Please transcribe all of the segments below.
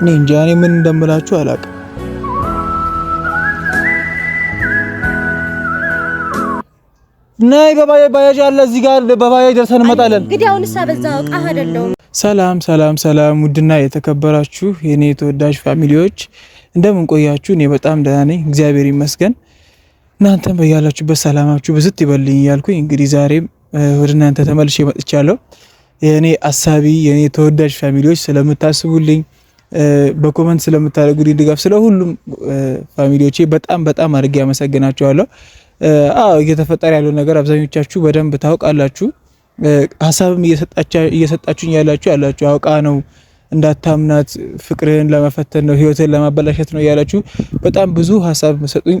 እኔ እንጃ እኔ ምን እንደምላችሁ አላውቅም። ነይ በባጃጅ አለ እዚህ ጋር በባጃጅ ደርሰን እንመጣለን። ሰላም ሰላም ሰላም! ውድና የተከበራችሁ የኔ ተወዳጅ ፋሚሊዎች እንደምን ቆያችሁ? እኔ በጣም ደህና ነኝ እግዚአብሔር ይመስገን። እናንተም በያላችሁበት ሰላማችሁ ብዝት ይበልኝ እያልኩኝ እንግዲህ ዛሬም ወደ እናንተ ተመልሼ መጥቻለሁ። የእኔ አሳቢ የእኔ ተወዳጅ ፋሚሊዎች ስለምታስቡልኝ በኮመንት ስለምታደርጉ ድጋፍ ስለ ሁሉም ፋሚሊዎቼ በጣም በጣም አድርጌ አመሰግናችኋለሁ። አዎ እየተፈጠረ ያለው ነገር አብዛኞቻችሁ በደንብ ታውቃላችሁ። ሀሳብም እየሰጣችሁኝ ያላችሁ ያላችሁ አውቃ ነው እንዳታምናት ፍቅርህን ለመፈተን ነው ህይወትን ለማበላሸት ነው እያላችሁ በጣም ብዙ ሀሳብ መሰጡኝ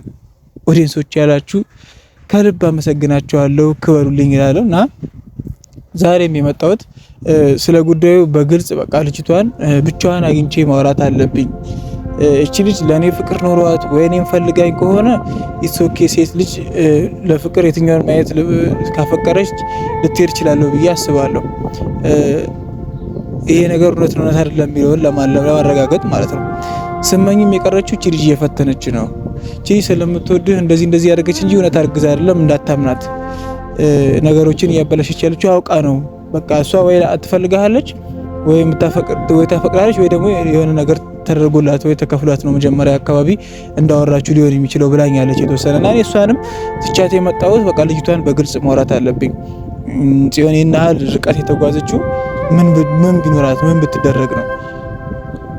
ኦዲየንሶች ያላችሁ ከልብ አመሰግናችኋለሁ። ክበሩልኝ ይላለሁ እና ዛሬም የመጣሁት ስለ ጉዳዩ በግልጽ በቃ ልጅቷን ብቻዋን አግኝቼ ማውራት አለብኝ። እቺ ልጅ ለእኔ ፍቅር ኖሯት ወይ እኔን ፈልጋኝ ከሆነ ኢትሶኬ ሴት ልጅ ለፍቅር የትኛውን ማየት ካፈቀረች ልትሄድ ይችላለሁ ብዬ አስባለሁ። ይሄ ነገር እውነት እውነት አይደለም የሚለውን ለማረጋገጥ ማለት ነው። ስመኝም የቀረችው እቺ ልጅ እየፈተነች ነው። እቺ ስለምትወድህ እንደዚህ እንደዚህ ያደረገች እንጂ እውነት አርግዛ አይደለም እንዳታምናት። ነገሮችን እያበላሸች ያለችው አውቃ ነው በቃ እሷ ወይ አትፈልጋለች ወይ ታፈቅራለች ወይ ደግሞ የሆነ ነገር ተደርጎላት ወይ ተከፍሏት ነው መጀመሪያ አካባቢ እንዳወራችሁ ሊሆን የሚችለው ብላኛለች የተወሰነና እሷንም ትቻት የመጣሁት በቃ ልጅቷን በግልጽ ማውራት አለብኝ። ጽዮን ይናህል ርቀት የተጓዘችው ምን ቢኖራት ምን ብትደረግ ነው?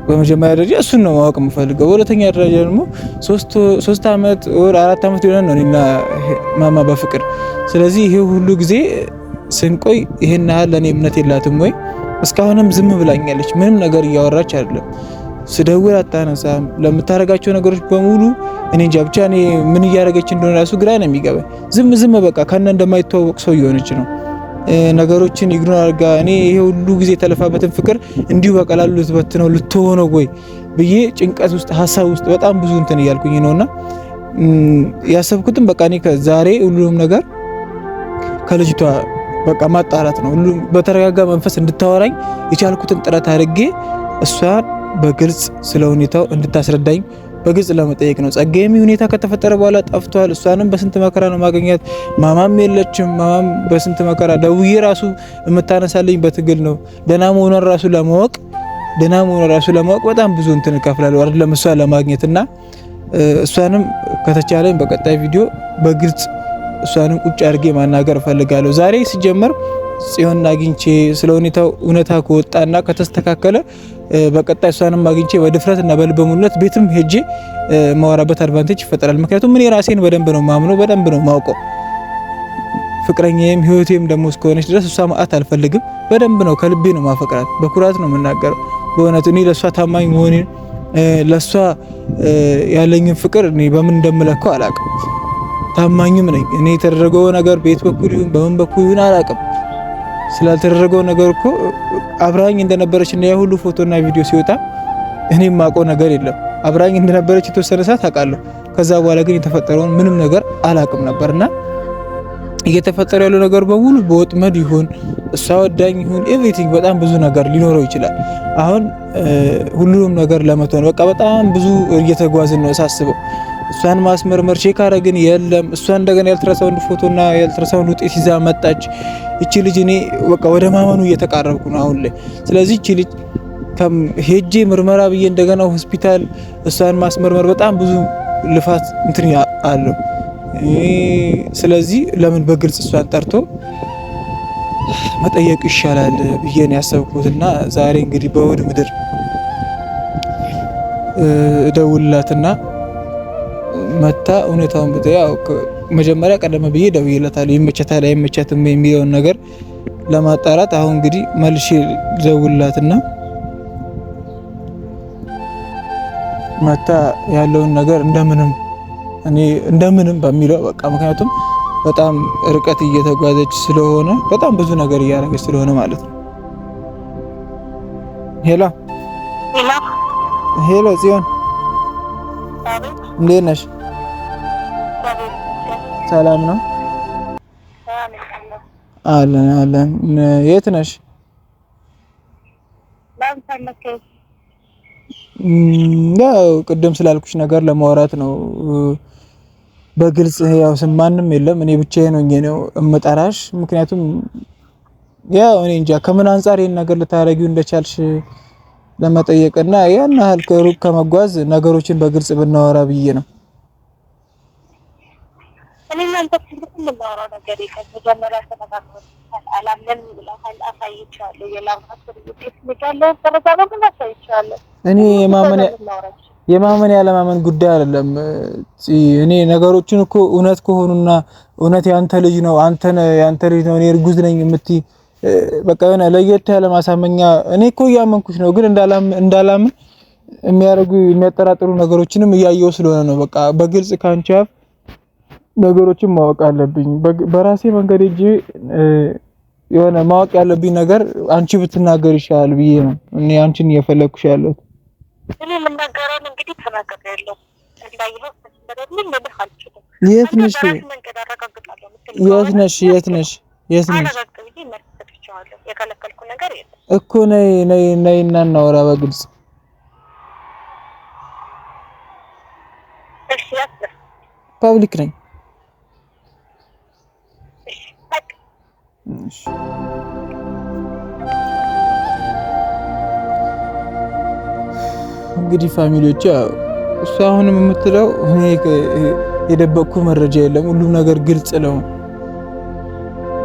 በመጀመሪያ ደረጃ እሱን ነው ማወቅ የምፈልገው። በሁለተኛ ደረጃ ደግሞ ሶስት ዓመት ወር አራት ዓመት ሊሆነ ነው እኔና ማማ በፍቅር ስለዚህ ይሄ ሁሉ ጊዜ ስንቆይ ይሄን ያህል ለእኔ እምነት የላትም ወይ? እስካሁንም ዝም ብላኛለች። ምንም ነገር እያወራች አይደለም። ስደውል አታነሳም። ለምታደርጋቸው ነገሮች በሙሉ እኔ እንጃ ብቻ እኔ ምን እያደረገች እንደሆነ ራሱ ግራ ነው የሚገባኝ። ዝም ዝም በቃ ከና እንደማይተዋወቅ ሰው እየሆነች ነው። ነገሮችን ኢግኖር አድርጋ እኔ ይሄ ሁሉ ጊዜ የተለፋበትን ፍቅር እንዲሁ በቀላሉ ልትበትነው ልትሆነ ወይ ብዬ ጭንቀት ውስጥ ሀሳብ ውስጥ በጣም ብዙ እንትን እያልኩኝ ነውና ያሰብኩትም በቃ እኔ ከዛሬ ሁሉም ነገር ከልጅቷ በቃ ማጣራት ነው። ሁሉም በተረጋጋ መንፈስ እንድታወራኝ የቻልኩትን ጥረት አድርጌ እሷን በግልጽ ስለ ሁኔታው እንድታስረዳኝ በግልጽ ለመጠየቅ ነው። ጸጋዬም ሁኔታ ከተፈጠረ በኋላ ጠፍቷል። እሷንም በስንት መከራ ነው ማገኛት። ማማም የለችም። ማማም በስንት መከራ ደውዬ ራሱ የምታነሳልኝ በትግል ነው። ደህና መሆኗን ራሱ ለማወቅ ደህና መሆኗን ራሱ ለማወቅ በጣም ብዙ እንትን እከፍላለሁ አይደለም እሷን ለማግኘት እና እሷንም ከተቻለኝ በቀጣይ ቪዲዮ በግልጽ እሷንም ቁጭ አድርጌ ማናገር እፈልጋለሁ። ዛሬ ሲጀመር ጽዮን አግኝቼ ስለ ሁኔታው እውነታ ከወጣና ከተስተካከለ በቀጣይ እሷንም አግኝቼ በድፍረት እና በልበሙነት ቤትም ሄጄ ማወራበት አድቫንቴጅ ይፈጠራል። ምክንያቱም እኔ ራሴን በደንብ ነው ማምኖ በደንብ ነው ማውቀው። ፍቅረኛዬም ህይወቴም ደግሞ እስከሆነች ድረስ እሷ ማጣት አልፈልግም። በደንብ ነው ከልቤ ነው ማፈቅራት። በኩራት ነው የምናገረው። በእውነት እኔ ለእሷ ታማኝ መሆኔን ለእሷ ያለኝን ፍቅር እኔ በምን እንደምለካው አላውቅም። ታማኝም ነኝ እኔ። የተደረገው ነገር ቤት በኩል ይሁን በምን በኩል ይሁን አላውቅም። ስላልተደረገው ነገር እኮ አብራኝ እንደነበረች እና ያ ሁሉ ፎቶና ቪዲዮ ሲወጣ እኔ የማውቀው ነገር የለም። አብራኝ እንደነበረች የተወሰነ ሰዓት አውቃለሁ። ከዛ በኋላ ግን የተፈጠረውን ምንም ነገር አላውቅም ነበርና እየተፈጠረ ያለው ነገር በሙሉ በወጥመድ ይሁን እሷ ወዳኝ ይሁን ኤቭሪቲንግ በጣም ብዙ ነገር ሊኖረው ይችላል። አሁን ሁሉንም ነገር ለመተው ነው። በቃ በጣም ብዙ እየተጓዝን ነው ሳስበው እሷን ማስመርመር ቼክ አረግን፣ የለም እሷ እንደገና የአልትራሳውንድ ፎቶና የአልትራሳውንድ ውጤት ይዛ መጣች። እቺ ልጅ እኔ በቃ ወደ ማመኑ እየተቃረብኩ ነው አሁን ላይ። ስለዚህ እቺ ልጅ ሄጄ ምርመራ ብዬ እንደገና ሆስፒታል እሷን ማስመርመር በጣም ብዙ ልፋት እንትን አለው። ስለዚህ ለምን በግልጽ እሷን ጠርቶ መጠየቅ ይሻላል ብዬን ያሰብኩት። እና ዛሬ እንግዲህ በእሑድ ምድር እደውልላትና መታ እውነታውን ያው መጀመሪያ ቀደም ብዬ ደውዬላታለሁ። ይመቸታል አይመቸትም የሚለውን ነገር ለማጣራት አሁን እንግዲህ መልሼ ደውላትና መታ ያለውን ነገር እንደምንም እኔ እንደምንም በሚለው በቃ ምክንያቱም በጣም ርቀት እየተጓዘች ስለሆነ በጣም ብዙ ነገር እያደረገች ስለሆነ ማለት ነው። ሄሎ ሄሎ፣ ጽዮን እንዴት ነሽ? ሰላም ነው አለን አለን። የት ነሽ? ያው ቅድም ስላልኩሽ ነገር ለማውራት ነው። በግልጽ ያው ማንም የለም እኔ ብቻዬን ሆኜ ነው እምጠራሽ። ምክንያቱም ያው እኔ እንጃ ከምን አንጻር ይሄን ነገር ልታረጊው እንደቻልሽ ለመጠየቅና ያን ያህል ሩቅ ከመጓዝ ነገሮችን በግልጽ ብናወራ ብዬ ነው። እኔ እናንተ የምናወራው ነገር የለም። መጀመሪያ ተነጋግረን አላምንም ብለሃል። አሳይቼዋለሁ ውጤት ደረጃ አሳይቼዋለሁ። እኔ የማመን ያለማመን ጉዳይ አይደለም። እኔ ነገሮችን እኮ እውነት ከሆኑና እውነት ያንተ ልጅ ነው አንተ ያንተ ልጅ ነው እኔ እርጉዝ ነኝ የምትይ በቃ የሆነ ለየት ያለ ማሳመኛ እኔ እኮ እያመንኩሽ ነው፣ ግን እንዳላምን የሚያደርጉ የሚያጠራጥሩ ነገሮችንም እያየው ስለሆነ ነው። በቃ በግልጽ ካንቺ አፍ ነገሮችን ማወቅ አለብኝ። በራሴ መንገድ እጂ የሆነ ማወቅ ያለብኝ ነገር አንቺ ብትናገር ይሻላል ብዬ ነው እኔ አንቺን እየፈለግኩሽ ያለሁት። የት ነሽ? የት ነሽ? የት ነሽ? የት ነሽ እኮ ነይ ነይ ነይ እና በግልጽ ፐብሊክ ነኝ እንግዲህ ፋሚሊዎች እሱ አሁንም የምትለው እኔ የደበቅኩ መረጃ የለም፣ ሁሉም ነገር ግልጽ ነው።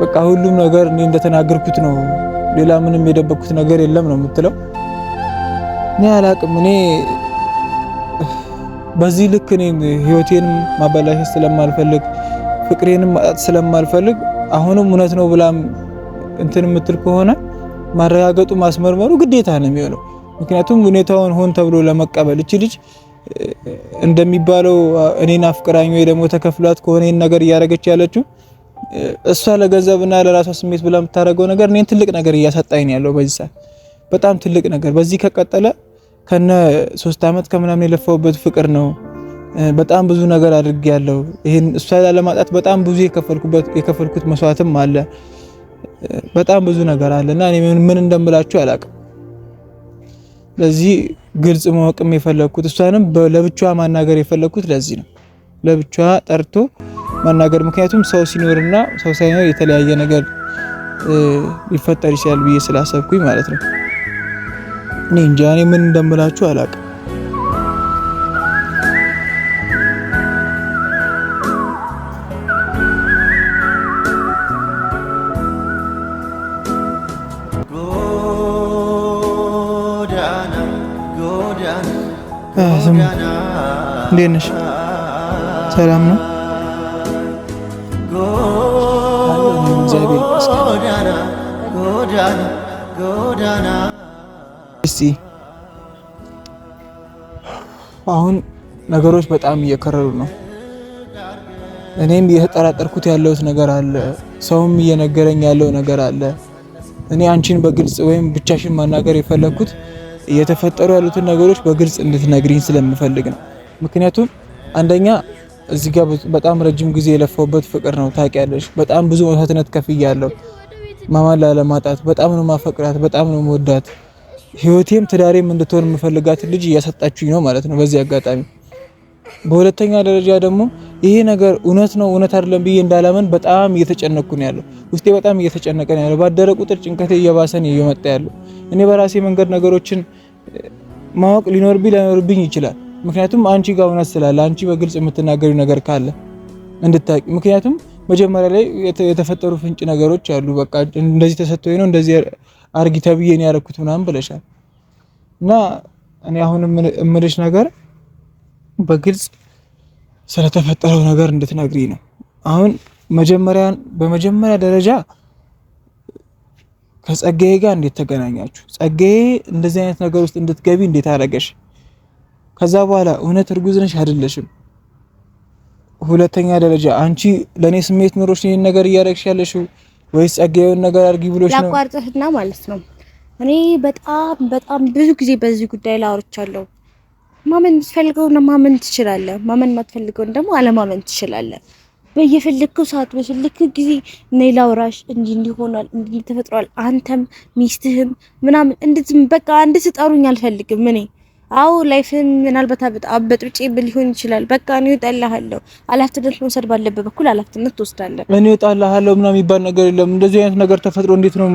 በቃ ሁሉም ነገር እኔ እንደተናገርኩት ነው፣ ሌላ ምንም የደበቅኩት ነገር የለም ነው የምትለው። እኔ አላቅም። እኔ በዚህ ልክ እኔ ህይወቴን ማበላሸት ስለማልፈልግ ፍቅሬንም ማጣት ስለማልፈልግ አሁንም እውነት ነው ብላም እንትን የምትል ከሆነ ማረጋገጡ ማስመርመሩ ግዴታ ነው የሚሆነው። ምክንያቱም ሁኔታውን ሆን ተብሎ ለመቀበል እቺ ልጅ እንደሚባለው እኔን አፍቅራኝ ወይ ደግሞ ተከፍሏት ከሆነ ይህን ነገር እያደረገች ያለችው እሷ ለገንዘብና ለራሷ ስሜት ብላ የምታደርገው ነገር እኔን ትልቅ ነገር እያሳጣኝ ያለው በዚህ ሰዓት በጣም ትልቅ ነገር። በዚህ ከቀጠለ ከነ ሶስት አመት ከምናምን የለፋውበት ፍቅር ነው። በጣም ብዙ ነገር አድርግ ያለው ይሄን እሷ ላለማጣት በጣም ብዙ የከፈልኩበት የከፈልኩት መስዋዕትም አለ። በጣም ብዙ ነገር አለና እኔ ምን እንደምላችሁ አላቅም። ለዚህ ግልጽ ማወቅም የፈለግኩት እሷንም ለብቻዋ ማናገር የፈለግኩት ለዚህ ነው። ለብቻዋ ጠርቶ ማናገር ምክንያቱም ሰው ሲኖርና ሰው ሳይኖር የተለያየ ነገር ሊፈጠር ይችላል ብዬ ስላሰብኩኝ ማለት ነው። እኔ እንጃ እኔ ምን እንደምላችሁ አላውቅም። እንዴት ነሽ? ሰላም ነው? እስቲ አሁን ነገሮች በጣም እየከረሩ ነው። እኔም እየተጠራጠርኩት ያለሁት ነገር አለ። ሰውም እየነገረኝ ያለው ነገር አለ። እኔ አንቺን በግልጽ ወይም ብቻሽን ማናገር የፈለግኩት እየተፈጠሩ ያሉትን ነገሮች በግልጽ እንድትነግሪኝ ስለምፈልግ ነው። ምክንያቱም አንደኛ እዚህ ጋር በጣም ረጅም ጊዜ የለፈውበት ፍቅር ነው። ታውቂያለሽ፣ በጣም ብዙ መስዋዕትነት ከፍያለሁ። ማማን ላለማጣት በጣም ነው ማፈቅራት፣ በጣም ነው መወዳት። ህይወቴም ትዳሬም እንድትሆን የምፈልጋት ልጅ እያሰጣችኝ ነው ማለት ነው በዚህ አጋጣሚ። በሁለተኛ ደረጃ ደግሞ ይሄ ነገር እውነት ነው እውነት አይደለም ብዬ እንዳላመን በጣም እየተጨነቅኩ ነው ያለው። ውስጤ በጣም እየተጨነቀ ነው ያለው። ባደረ ቁጥር ጭንቀቴ እየባሰ ነው እየመጣ ያለው። እኔ በራሴ መንገድ ነገሮችን ማወቅ ሊኖርብኝ ላይኖርብኝ ይችላል ምክንያቱም አንቺ ጋር እውነት ስላለ አንቺ በግልጽ የምትናገሪው ነገር ካለ እንድታቂ ምክንያቱም መጀመሪያ ላይ የተፈጠሩ ፍንጭ ነገሮች አሉ። በቃ እንደዚህ ተሰጥቶ ነው እንደዚህ አርጊ ተብዬ ነው ያደረኩት ምናምን ብለሻል። እና እኔ አሁን እምልሽ ነገር በግልጽ ስለተፈጠረው ነገር እንድትነግሪ ነው። አሁን መጀመሪያ በመጀመሪያ ደረጃ ከጸጋዬ ጋር እንዴት ተገናኛችሁ? ጸጋዬ እንደዚህ አይነት ነገር ውስጥ እንድትገቢ እንዴት አደረገሽ? ከዛ በኋላ እውነት እርጉዝ ነሽ አይደለሽም? ሁለተኛ ደረጃ አንቺ ለኔ ስሜት ኖሮሽ ይሄን ነገር እያደረግሽ ያለሽው ወይስ ጸጋዬውን ነገር አድርጊ ብሎሽ ነው? ያቋርጥህና ማለት ነው። እኔ በጣም በጣም ብዙ ጊዜ በዚህ ጉዳይ ላይ አውርቻለሁ። ማመን የምትፈልገውን ማመን ትችላለህ፣ ማመን የማትፈልገውን ደግሞ አለማመን ትችላለህ። በየፈለግከው ሰዓት በፈለግክ ጊዜ እኔ ላውራሽ እንዲህ እንዲሆናል እንዲህ ተፈጥሯል፣ አንተም ሚስትህም ምናምን እንድትም በቃ እንድትጠሩኝ አልፈልግም እኔ አዎ ላይፍን ምናልባት አበጥብጭ ሊሆን ይችላል። በቃ እኔ እወጣልሃለሁ። ኃላፊነት መውሰድ ባለበት በኩል ኃላፊነት ትወስዳለህ። እኔ እወጣልሃለሁ ምናምን የሚባል ነገር የለም። እንደዚህ አይነት ነገር ተፈጥሮ እንዴት ነው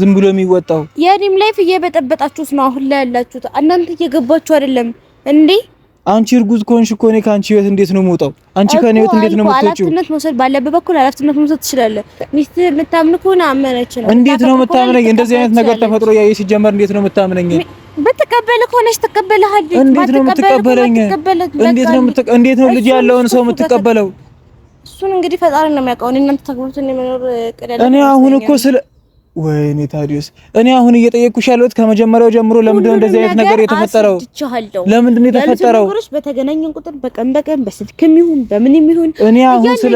ዝም ብሎ የሚወጣው? የእኔም ላይፍ እየበጠበጣችሁት ነው አሁን ላይ ያላችሁት። እናንተ እየገባችሁ አይደለም እንዴ? አንቺ እርጉዝ ከሆንሽ እኮ እኔ ከአንቺ ህይወት እንዴት ነው የምወጣው? አንቺ ከኔ ህይወት እንዴት ነው የምትወጪው? አላፍትነት መውሰድ ባለበት በኩል አላፍትነት መውሰድ ትችላለህ። ሚስት የምታምን ከሆነ አመነች ነው። እንዴት ነው የምታምነኝ? እንደዚህ አይነት ነገር ተፈጥሮ ያየ ሲጀመር እንዴት ነው የምታምነኝ? በተቀበለ ከሆነሽ ተቀበለሃል። እንዴት ነው የምትቀበለኝ? እንዴት ነው እንዴት ነው ልጅ ያለውን ሰው የምትቀበለው? እሱን እንግዲህ ፈጣሪ ነው የሚያውቀው። እናንተ ተግባብታችሁ ነው መኖር እኔ አሁን እኮ ስለ ወይኔ ታዲዮስ፣ እኔ አሁን እየጠየቅኩሽ ያለሁት ከመጀመሪያው ጀምሮ ለምንድን ነው እንደዚህ አይነት ነገር የተፈጠረው? ለምንድን ነው የተፈጠረው? በተገናኘን ቁጥር በቀን በቀን በስልክም ይሁን በምንም ይሁን እኔ አሁን ስለ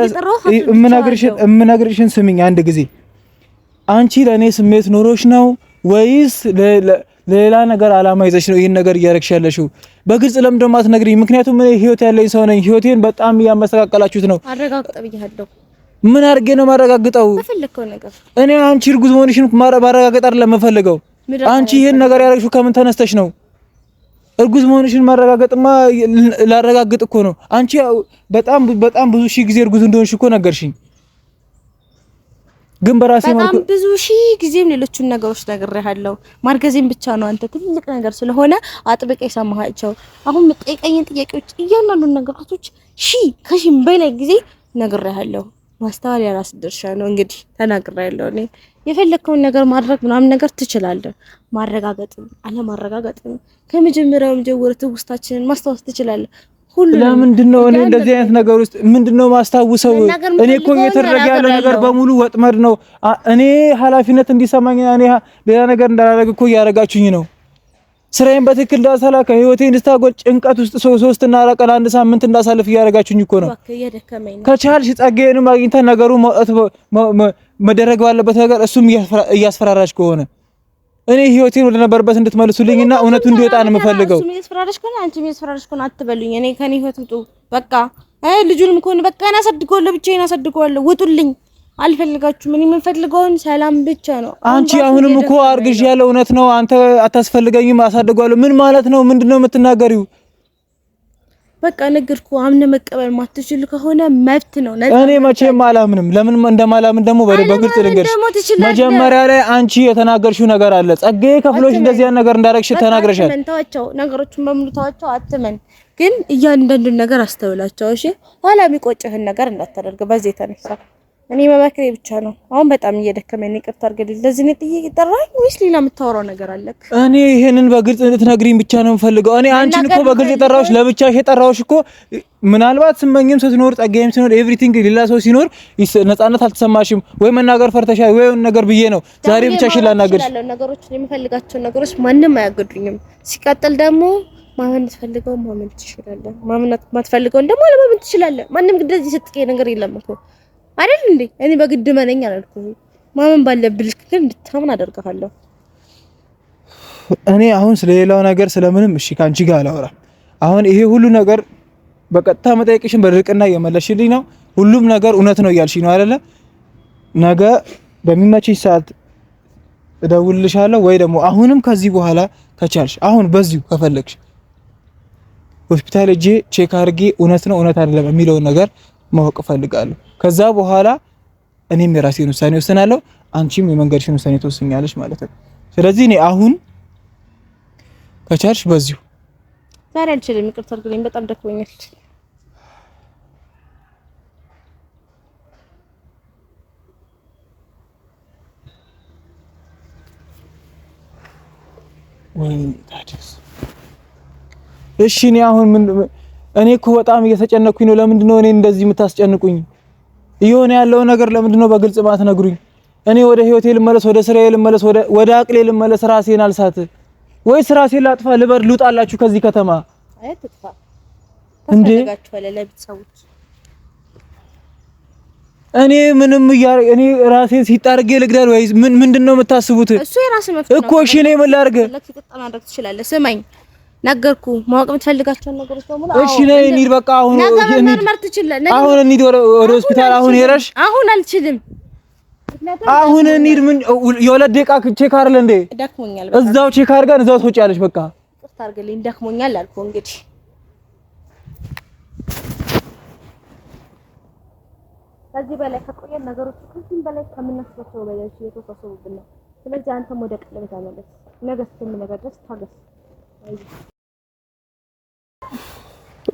እምነግርሽን እምነግርሽን ስሚኝ አንድ ጊዜ አንቺ ለእኔ ስሜት ኖሮሽ ነው ወይስ ለሌላ ነገር አላማ ይዘሽ ነው ይህን ነገር እያደረግሽ ያለሽው? በግልጽ ለምንድን ነው የማትነግሪኝ? ምክንያቱም እኔ ህይወት ያለኝ ሰው ነኝ። ህይወቴን በጣም እያመሰቃቀላችሁት ነው። አረጋግጠ ብያለሁ ምን አድርጌ ነው ማረጋግጠው? እኔ አንቺ እርጉዝ መሆንሽን ማረጋገጥ አይደለም የምፈልገው። አንቺ ይሄን ነገር ያደረግሽው ከምን ተነስተሽ ነው? እርጉዝ መሆንሽን ማረጋገጥማ ላረጋግጥ እኮ ነው። አንቺ በጣም በጣም ብዙ ሺህ ጊዜ እርጉዝ እንደሆንሽ እኮ ነገርሽኝ። ግን በራሴ በጣም ብዙ ሺህ ጊዜም ሌሎቹን ነገሮች ነግሬሃለሁ። ማርገዜም ብቻ ነው አንተ ትልቅ ነገር ስለሆነ አጥብቀ የሰማሃቸው። አሁን የምጠይቀኝን ጥያቄዎች እያንዳንዱን ነገራቶች ሺህ ከሺህ በላይ ጊዜ ነግሬሃለሁ። ማስተዋል የራስ ድርሻ ነው። እንግዲህ ተናግራ ያለው እኔ የፈለግከውን ነገር ማድረግ ምናምን ነገር ትችላለህ። ማረጋገጥም አለማረጋገጥም ከመጀመሪያውም ጀምሮ ትውስታችንን ማስታወስ ትችላለህ። ለምንድን ነው እኔ እንደዚህ አይነት ነገር ውስጥ ምንድን ነው ማስታውሰው? እኔ እኮ እየተደረገ ያለው ነገር በሙሉ ወጥመድ ነው። እኔ ኃላፊነት እንዲሰማኝ እኔ ሌላ ነገር እንዳላደርግ እኮ እያደረጋችሁኝ ነው ስራዬን በትክክል እንዳሳላከ ህይወቴን ስታጎል ጭንቀት ውስጥ ሰው ሶስት እና አራቀን አንድ ሳምንት እንዳሳልፍ እያደረጋችሁኝ እኮ ነው። ከቻልሽ ጸጋዬንም አግኝተን ነገሩ መውጣት መደረግ ባለበት ነገር እሱም እያስፈራራሽ ከሆነ እኔ ህይወቴን ወደ ነበርበት እንድትመልሱልኝና እውነቱ እንዲወጣ ነው የምፈልገው። እሱም እያስፈራራሽ ከሆነ አንቺም እያስፈራራሽ ከሆነ አትበሉኝ። እኔ ከኔ ህይወት ውጡ። በቃ አይ ልጁንም ከሆነ በቃ እኔ አሳድገዋለሁ፣ ብቻዬን አሳድገዋለሁ። ውጡልኝ አልፈልጋችሁም። እኔ የምንፈልገውን ሰላም ብቻ ነው። አንቺ አሁንም እኮ አርግዥ ያለ እውነት ነው። አንተ አታስፈልገኝም፣ አሳድጓለሁ። ምን ማለት ነው? ምንድን ነው የምትናገሪው? በቃ ነገርኩ። አምነ መቀበል ማትችል ከሆነ መብት ነው። እኔ መቼም አላምንም። ለምን እንደማላምን ደግሞ በግልጽ ልንገርሽ። መጀመሪያ ላይ አንቺ የተናገርሽው ነገር አለ። ጸጋዬ ከፍሎሽ እንደዚህ ነገር እንዳረግሽ ተናግረሻል። ተዋቸው፣ ነገሮችን በሙሉ ተዋቸው። አትመን ግን እያንዳንዱን ነገር አስተውላቸው። እሺ፣ ኋላ የሚቆጭህን ነገር እንዳታደርግ በዚህ የተነሳ እኔ መመክሬ ብቻ ነው። አሁን በጣም እየደከመኝ ነው። ይቅርታ አድርግልኝ። ለዚህ ነው ጥዬ ጠራኝ ወይስ ሌላ የምታወራው ነገር አለክ? እኔ ይሄንን በግልጽ እንድትነግሪኝ ብቻ ነው የምፈልገው። እኔ አንቺን እኮ በግልጽ የጠራሁሽ ለብቻሽ የጠራሁሽ እኮ ምናልባት ስመኝም ስትኖር ሲኖር ጸጋዬም ሲኖር ኤቭሪቲንግ ሌላ ሰው ሲኖር ነጻነት አልተሰማሽም ወይ መናገር ፈርተሻል ወይ ነገር ብዬ ነው ዛሬ ብቻሽን ላናገርሽ። ነገሮችን የምፈልጋቸው ነገሮች ማንም አያገዱኝም። ሲቀጥል ደግሞ ማመን ትፈልገው ማመን ትችላለህ፣ ማመን ማትፈልገው ደግሞ አለማመን ትችላለህ። ማንም ግድ እዚህ ስትቀይ ነገር የለም እኮ አይደል እንዴ? እኔ በግድ መነኝ አላልኩህም። ማመን ባለብህ ልክ ግን እንድታምን አደርግሃለሁ። እኔ አሁን ስለሌላው ነገር ስለምንም እሺ ከአንቺ ጋር አላወራም። አሁን ይሄ ሁሉ ነገር በቀጥታ መጠየቅሽን በድርቅና እየመለሽልኝ ነው። ሁሉም ነገር እውነት ነው እያልሽኝ ነው አይደለ? ነገ በሚመችሽ ሰዓት እደውልልሻለሁ ወይ ደግሞ አሁንም ከዚህ በኋላ ከቻልሽ አሁን በዚሁ ከፈለግሽ ሆስፒታል እጄ ቼክ አድርጌ እውነት ነው እውነት አይደለም የሚለውን ነገር ማወቅ እፈልጋለሁ። ከዛ በኋላ እኔም የራሴን ውሳኔ ወስናለሁ፣ አንቺም የመንገድሽን ውሳኔ ትወስኛለሽ ማለት ነው። ስለዚህ እኔ አሁን ከቻልሽ በዚሁ ዛሬ አልችልም፣ ይቅርታ አድርግልኝ፣ በጣም ደክሞኛል። እሺ እኔ አሁን ምን እኔ እኮ በጣም እየተጨነኩኝ ነው። ለምንድን ነው እኔ እንደዚህ የምታስጨንቁኝ? እየሆነ ያለውን ነገር ለምንድን ነው በግልጽ ማትነግሩኝ? እኔ ወደ ህይወቴ ልመለስ፣ ወደ ስራዬ ልመለስ፣ ወደ አቅሌ ልመለስ፣ ራሴን አልሳት ወይስ ራሴን ላጥፋ? ልበር ልውጣላችሁ ከዚህ ከተማ እንዴ? እኔ ምንም ይያር እኔ ራሴን ሲጣርገ ልግደል ወይ ምን ምንድነው የምታስቡት እኮ? እሺ እኔ ምን ላድርግ? ስማኝ ነገርኩ ማወቅ የምትፈልጋቸውን ነገሮች በሙሉ። እሺ ነይ እንሂድ። በቃ አሁን አሁን እንሂድ ወደ ሆስፒታል። አሁን ሄረሽ አሁን አልችልም። አሁን እንሂድ። ምን የሁለት ደቂቃ ቼክ አይደል እንዴ? ደክሞኛል። በቃ እዛው ቼክ አድርገን እዛው ትወጪያለሽ። በቃ ይቅርታ አድርግልኝ፣ ደክሞኛል አልኩ እንግዲህ ከዚህ በላይ ከቆየን ነገሮች ከዚህም በላይ ከምናስበው በላይ እየተወሳሰቡብን ነው። ስለዚህ አንተም ወደ ቀለበት አመለስ ነገ ስትምነግረኝ ድረስ ታገስ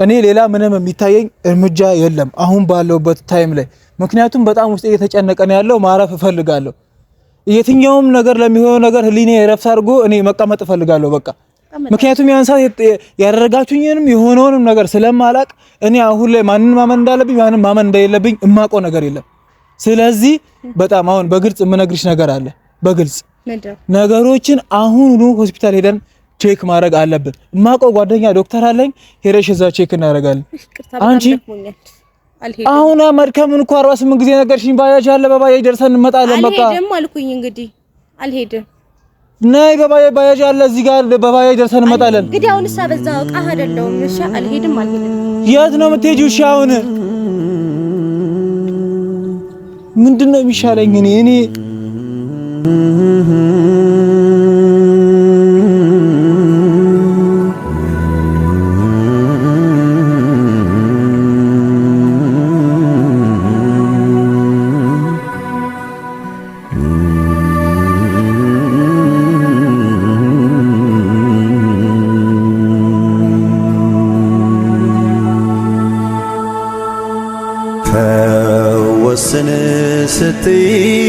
እኔ ሌላ ምንም የሚታየኝ እርምጃ የለም አሁን ባለውበት ታይም ላይ። ምክንያቱም በጣም ውስጥ እየተጨነቀ ነው ያለው። ማረፍ እፈልጋለሁ። የትኛውም ነገር ለሚሆነው ነገር ህሊኔ የረፍት አድርጎ እኔ መቀመጥ እፈልጋለሁ በቃ። ምክንያቱም ያን ሰዓት ያደረጋችሁኝንም የሆነውንም ነገር ስለማላቅ እኔ አሁን ላይ ማንን ማመን እንዳለብኝ ማንን ማመን እንደሌለብኝ እማቆ ነገር የለም። ስለዚህ በጣም አሁን በግልጽ የምነግርሽ ነገር አለ። በግልጽ ነገሮችን አሁን ሆስፒታል ሄደን ቼክ ማድረግ አለብን። የማውቀው ጓደኛ ዶክተር አለኝ፣ ሄደሽ እዛ ቼክ እናደርጋለን። አንቺ አሁን መድከምን እኮ 48 ጊዜ ነገርሽኝ። ባጃጅ አለ፣ በባጃጅ ደርሰን እንመጣለን። በቃ አልሄድም አልኩኝ። እንግዲህ አልሄድም ናይ በባጃጅ ባጃጅ አለ እዚህ ጋር በባጃጅ ደርሰን እንመጣለን። እንግዲህ አሁን እሳ በዛ ዕቃ አይደለሁም። እሺ አልሄድም አልሄድም። የት ነው የምትሄጂው? እሺ አሁን ምንድን ነው የሚሻለኝ እኔ እኔ ستی